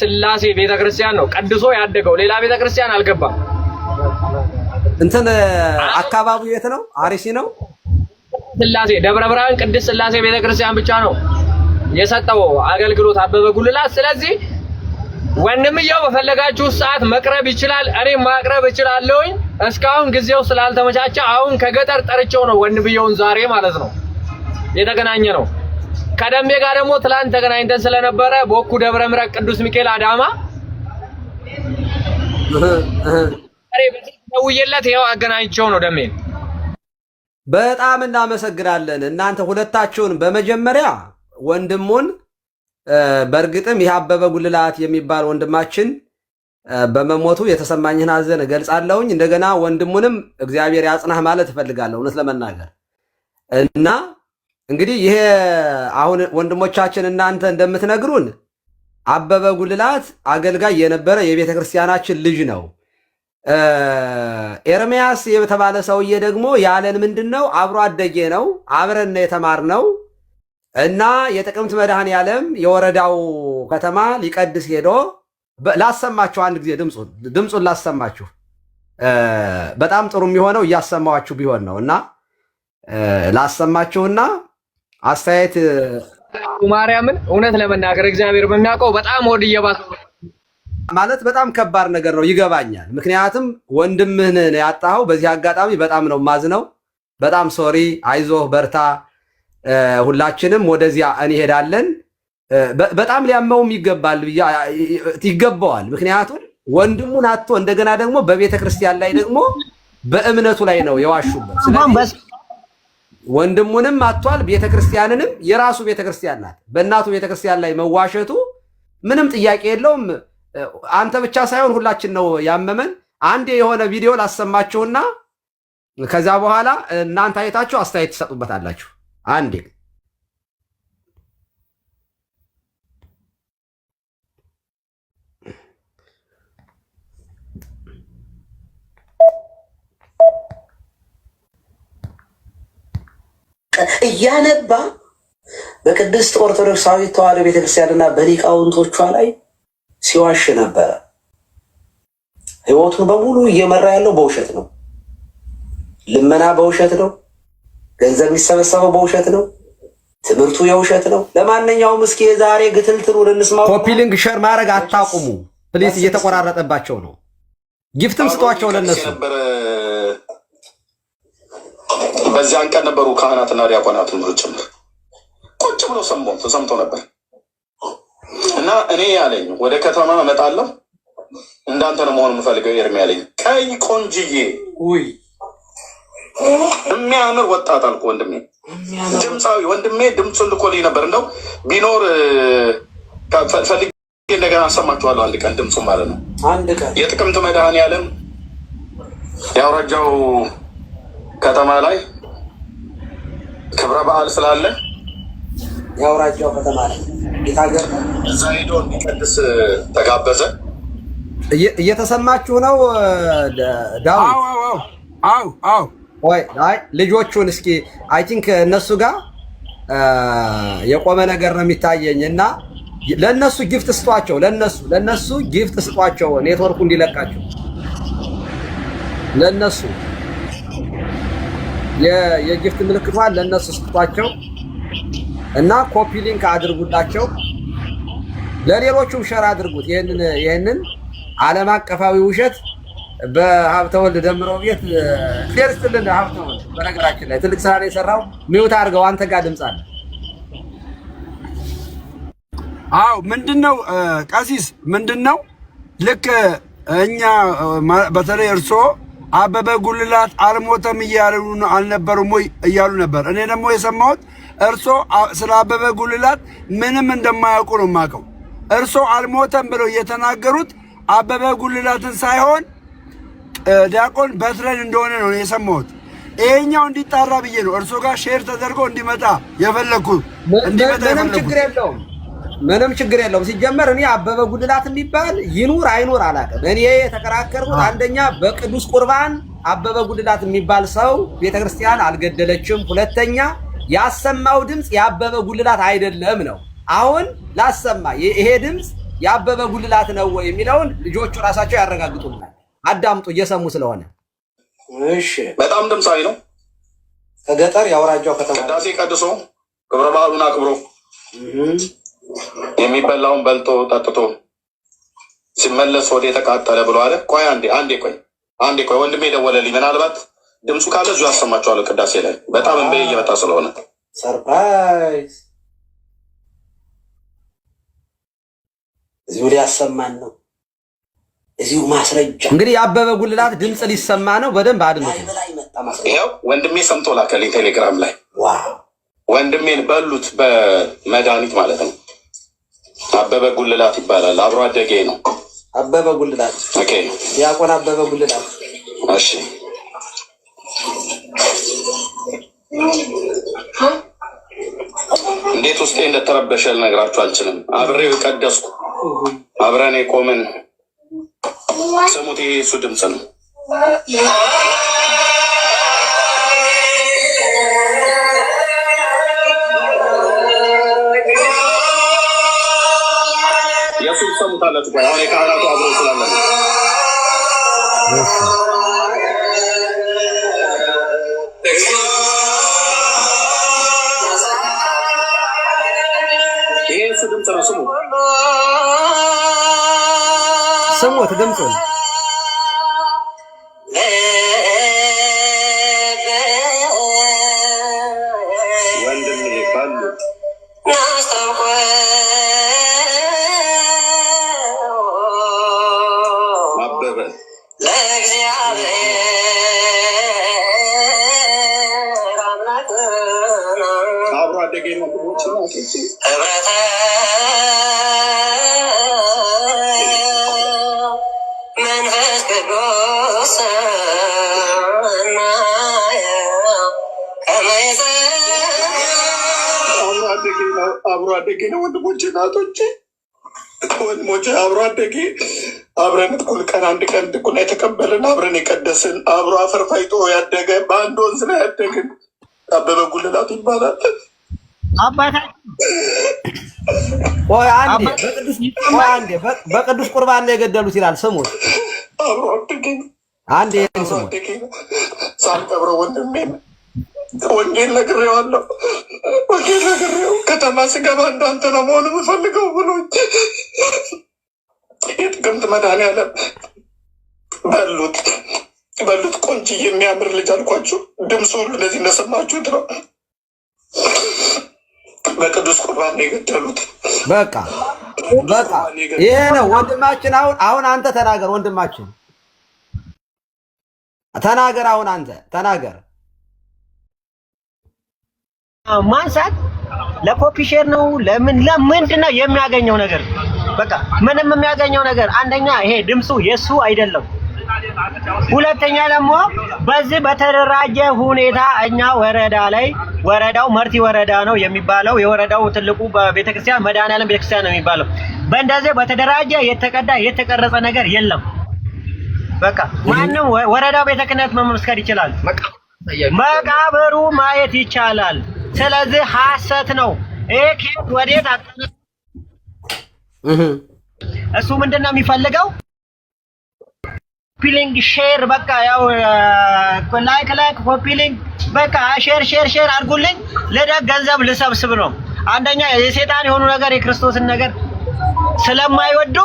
ስላሴ ቤተክርስቲያን ነው ቀድሶ ያደገው። ሌላ ቤተክርስቲያን አልገባም። እንትን አካባቢው የት ነው? አርሲ ነው። ስላሴ ደብረ ብርሃን ቅድስት ስላሴ ቤተክርስቲያን ብቻ ነው የሰጠው አገልግሎት አበበ ጉልላት። ስለዚህ ወንድምየው በፈለጋችሁ ሰዓት መቅረብ ይችላል። እኔም ማቅረብ እችላለሁኝ። እስካሁን ጊዜው ስላልተመቻቸ አሁን ከገጠር ጠርቼው ነው ወንድምየውን ዛሬ ማለት ነው የተገናኘ ነው። ከደሜ ጋር ደግሞ ትላንት ተገናኝተን ስለነበረ ቦኩ ደብረ ምረቅ ቅዱስ ሚካኤል አዳማ ደውዬለት ይኸው አገናኝቸው ነው ደሜ። በጣም እናመሰግናለን እናንተ ሁለታችሁን። በመጀመሪያ ወንድሙን በእርግጥም ይህ አበበ ጉልላት የሚባል ወንድማችን በመሞቱ የተሰማኝን ሐዘን እገልጻለሁኝ። እንደገና ወንድሙንም እግዚአብሔር ያጽናህ ማለት እፈልጋለሁ እውነት ለመናገር እና እንግዲህ ይሄ አሁን ወንድሞቻችን እናንተ እንደምትነግሩን አበበ ጉልላት አገልጋይ የነበረ የቤተ ክርስቲያናችን ልጅ ነው። ኤርሚያስ የተባለ ሰውዬ ደግሞ ያለን ምንድን ነው? አብሮ አደጌ ነው። አብረን ነው። እና የጥቅምት መድኃኔ ዓለም የወረዳው ከተማ ሊቀድስ ሄዶ ላሰማችሁ፣ አንድ ጊዜ ድምፁን ላሰማችሁ። በጣም ጥሩ የሚሆነው እያሰማዋችሁ ቢሆን ነው እና ላሰማችሁና አስተያየት ማርያምን እውነት ለመናገር እግዚአብሔር በሚያውቀው በጣም ወድ እየባሰ ማለት በጣም ከባድ ነገር ነው። ይገባኛል። ምክንያቱም ወንድምህን ያጣኸው በዚህ አጋጣሚ በጣም ነው ማዝነው። በጣም ሶሪ። አይዞህ፣ በርታ። ሁላችንም ወደዚያ እንሄዳለን። በጣም ሊያመውም ይገባል ይገባዋል። ምክንያቱም ወንድሙን አቶ እንደገና ደግሞ በቤተ ክርስቲያን ላይ ደግሞ በእምነቱ ላይ ነው የዋሹበት። ወንድሙንም አጥቷል። ቤተክርስቲያንንም የራሱ ቤተክርስቲያን ናት። በእናቱ ቤተክርስቲያን ላይ መዋሸቱ ምንም ጥያቄ የለውም። አንተ ብቻ ሳይሆን ሁላችን ነው ያመመን። አንድ የሆነ ቪዲዮ ላሰማችሁና ከዛ በኋላ እናንተ አይታችሁ አስተያየት ትሰጡበታላችሁ። አንዴ እያነባ በቅድስት ኦርቶዶክሳዊት ተዋህዶ ቤተክርስቲያንና በሊቃውንቶቿ ላይ ሲዋሽ ነበረ። ህይወቱን በሙሉ እየመራ ያለው በውሸት ነው። ልመና በውሸት ነው። ገንዘብ የሚሰበሰበው በውሸት ነው። ትምህርቱ የውሸት ነው። ለማንኛውም እስኪ የዛሬ ግትልትሉን እንስማ። ኮፒሊንግ ሸር ማድረግ አታቁሙ ፕሊስ፣ እየተቆራረጠባቸው ነው። ጊፍትም ስጧቸው ለነሱ በዚያን ቀን ነበሩ ካህናትና ዲያቆናት ጭምር ቁጭ ብሎ ሰምቦ ተሰምቶ ነበር። እና እኔ ያለኝ ወደ ከተማ እመጣለሁ እንዳንተ ነው መሆን የምፈልገው ኤርሚ ያለኝ ቀይ ቆንጅዬ የሚያምር ወጣት አልኩ። ወንድሜ ድምፃዊ ወንድሜ ድምፁን ልኮልኝ ነበር። እንደው ቢኖር ፈልጌ እንደገና አሰማችኋለሁ አንድ ቀን ድምፁ ማለት ነው። የጥቅምት መድኃኔ ዓለም የአውራጃው ከተማ ላይ ክብረ በዓል ስላለ የአውራጃው ከተማ ጌታገር እዛ ሄዶ እንዲቀድስ ተጋበዘ። እየተሰማችሁ ነው ዳዊት? አይ ልጆቹን እስኪ አይ ቲንክ እነሱ ጋር የቆመ ነገር ነው የሚታየኝ እና ለእነሱ ጊፍት ስጧቸው። ለነሱ ለነሱ ጊፍት ስጧቸው፣ ኔትወርኩ እንዲለቃቸው ለነሱ የጊፍት ምልክቷን ለእነሱ ስጧቸው እና ኮፒ ሊንክ አድርጉላቸው። ለሌሎቹም ሸር አድርጉት። ይህንን ይህንን ዓለም አቀፋዊ ውሸት በሀብተወልድ ደምረው ቤት ሌር ሀብተወልድ በነገራችን ላይ ትልቅ ስራ ነው የሰራው። ሚውት አድርገው አንተ ጋር ድምፅ አለ። አዎ ምንድን ነው ቀሲስ፣ ምንድን ነው ልክ እኛ በተለይ እርስዎ አበበ ጉልላት አልሞተም እያሉ አልነበሩም ወይ እያሉ ነበር። እኔ ደግሞ የሰማሁት እርሶ ስለ አበበ ጉልላት ምንም እንደማያውቁ ነው የማውቀው። እርሶ አልሞተም ብለው የተናገሩት አበበ ጉልላትን ሳይሆን ዲያቆን በትረን እንደሆነ ነው የሰማሁት። ይሄኛው እንዲጣራ ብዬ ነው እርሶ ጋር ሼር ተደርጎ እንዲመጣ የፈለግኩ እንዲመጣ የለውም። ምንም ችግር የለውም። ሲጀመር እኔ አበበ ጉልላት የሚባል ይኑር አይኑር አላውቅም። እኔ የተከራከርኩት አንደኛ በቅዱስ ቁርባን አበበ ጉልላት የሚባል ሰው ቤተክርስቲያን አልገደለችም፣ ሁለተኛ ያሰማው ድምፅ የአበበ ጉልላት አይደለም ነው። አሁን ላሰማ ይሄ ድምፅ የአበበ ጉልላት ነው ወይ የሚለውን ልጆቹ ራሳቸው ያረጋግጡልናል። አዳምጡ፣ እየሰሙ ስለሆነ። እሺ፣ በጣም ድምፃዊ ነው። ከገጠር የአውራጃው ከተማ ቅዳሴ ቀድሶ ክብረ በዓሉን አክብሮ የሚበላውን በልቶ ጠጥቶ ሲመለስ ወደ የተቃጠለ ብሎ አለ። ቆይ አንዴ አንዴ ቆይ አንዴ ቆይ ወንድሜ ደወለልኝ። ምናልባት ድምፁ ካለ እዚሁ ያሰማችኋለሁ። ቅዳሴ ላይ በጣም እንበ እየመጣ ስለሆነ ሰርፕራይዝ እዚሁ ሊያሰማን ነው። እዚሁ ማስረጃ እንግዲህ የአበበ ጉልላት ድምፅ ሊሰማ ነው። በደንብ አድምጡ። ይኸው ወንድሜ ሰምቶ ላከልኝ ቴሌግራም ላይ ወንድሜን በሉት በመድኃኒት ማለት ነው አበበ ጉልላት ይባላል። አብሮ አደጌ ነው። አበበ ጉልላት ዲያቆን አበበ ጉልላት። እሺ እንዴት ውስጤ እንደተረበሸ ልነግራችሁ አልችልም። አብሬው የቀደስኩ አብረን የቆምን ስሙት፣ የሱ ድምፅ ነው። ስላለች ቆይ አሁን የካህናቱ አብሮ ስላለ ይህ ድምፅ ነው። ስሙ ስሙት ድምፁ አብሮ አደገ ነጥቦች መንፈስ ቅዱስ አብሮ አደጌ ነው ወንድሞቼ፣ እናቶቼ፣ ወንድሞቼ አብሮ አደጌ አብረን ቀን አንድ ቀን ጥቁና የተቀበልን አብረን የቀደስን አብሮ አፈርፋይጦ ያደገ በአንድ ወንዝ ላይ ያደግን አበበ ጉልላት ይባላል። በቅዱስ ቁርባን ነው የገደሉት ይላል። ስሙት አብሮ አደገኝ አንድ ሳልቀብረ ወንድሜን ወንጌል ነግሬዋለሁ። ወንጌል ነግሬው ከተማ ስገባ እንዳንተ ነው መሆኑ የምፈልገው ብሎች የጥቅምት መድኃኒዓለም በሉት በሉት። ቆንጆ የሚያምር ልጅ አልኳችሁ። ድምፁ ሁሉ እንደዚህ እንደሰማችሁት ነው። በቅዱስ ቁርባን ነው የገደሉት። በቃ በቃ ይሄ ነው ወንድማችን። አሁን አሁን አንተ ተናገር ወንድማችን ተናገር። አሁን አንተ ተናገር። ማንሳት ለኮፒ ሼር ነው። ለምን ለምንድን ነው የሚያገኘው ነገር በቃ ምንም የሚያገኘው ነገር አንደኛ ይሄ ድምፁ የሱ አይደለም። ሁለተኛ ደግሞ በዚህ በተደራጀ ሁኔታ እኛ ወረዳ ላይ ወረዳው መርቲ ወረዳ ነው የሚባለው የወረዳው ትልቁ ቤተክርስቲያን መድኃኔዓለም ቤተክርስቲያን ነው የሚባለው። በእንደዚህ በተደራጀ የተቀዳ የተቀረጸ ነገር የለም። በቃ ማንም ወረዳው ቤተ ክህነት መመስከር ይችላል። መቃብሩ ማየት ይቻላል። ስለዚህ ሐሰት ነው ይሄ ወዴት እሱ ምንድን ነው የሚፈልገው? ፒሊንግ ሼር በቃ ያው ላይክ ላይክ ኮፒሊንግ በቃ ሼር ሼር ሼር አድርጉልኝ ልደግ ገንዘብ ልሰብስብ ነው። አንደኛ የሴጣን የሆኑ ነገር የክርስቶስን ነገር ስለማይወዱ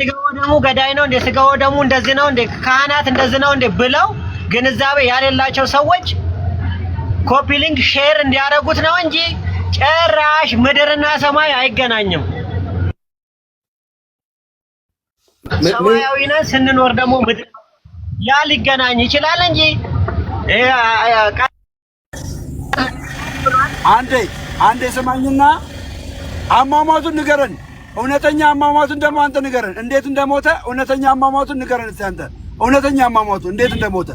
ስጋው ደሙ ገዳይ ነው እንዴ? ስጋው ደሙ እንደዚህ ነው እንዴ? ካህናት እንደዚህ ነው እንዴ? ብለው ግንዛቤ ያሌላቸው ሰዎች ኮፒሊንግ ሼር እንዲያደርጉት ነው እንጂ ጭራሽ ምድርና ሰማይ አይገናኝም። ሰማያዊ ነን ስንኖር ደግሞ ምድር ያ ሊገናኝ ይችላል እንጂ አንዴ አንዴ ስማኝና አሟሟቱን ንገረን። እውነተኛ አሟሟቱን ደግሞ አንተ ንገረን። እንዴት እንደሞተ እውነተኛ አሟሟቱን ንገረን እስኪ አንተ። እውነተኛ አሟሟቱ እንዴት እንደሞተ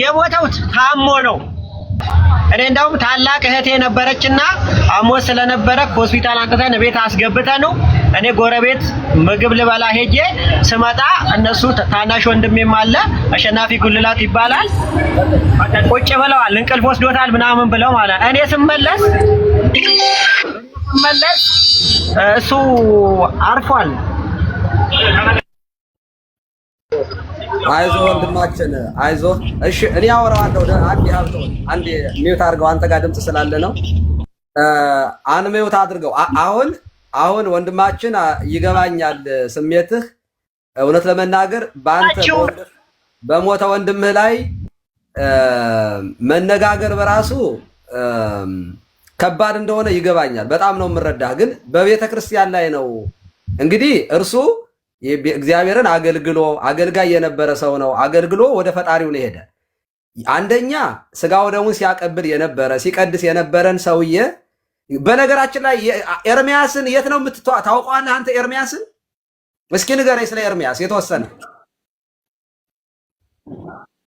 የሞተው ታሞ ነው። እኔ እንደውም ታላቅ እህቴ ነበረችና አሞ ስለነበረ ሆስፒታል አንጥተን ቤት አስገብተ እኔ ጎረቤት ምግብ ልበላ ሄጄ ስመጣ እነሱ ታናሽ ወንድሜም አለ አሸናፊ ጉልላት ይባላል። ቁጭ ብለዋል፣ እንቅልፍ ወስዶታል ምናምን ብለው ማለት እኔ ስመለስ ስመለስ እሱ አርፏል። አይዞ ወንድማችን አይዞ። እሺ እኔ አወራዋለሁ። አንዴ ሀብቶ አንዴ ሚውት አድርገው። አንተ ጋር ድምፅ ስላለ ነው። አንሚውት አድርገው። አሁን አሁን ወንድማችን ይገባኛል ስሜትህ። እውነት ለመናገር በአንተ በሞተ ወንድምህ ላይ መነጋገር በራሱ ከባድ እንደሆነ ይገባኛል። በጣም ነው የምረዳህ። ግን በቤተ ክርስቲያን ላይ ነው እንግዲህ እርሱ እግዚአብሔርን አገልግሎ አገልጋይ የነበረ ሰው ነው። አገልግሎ ወደ ፈጣሪው ነው ሄደ። አንደኛ ስጋ ወደሙን ሲያቀብል የነበረ ሲቀድስ የነበረን ሰውዬ በነገራችን ላይ ኤርሚያስን የት ነው የምትተዋ? አንተ ኤርሚያስን? እስኪ ንገረኝ ስለ ኤርሚያስ የተወሰነ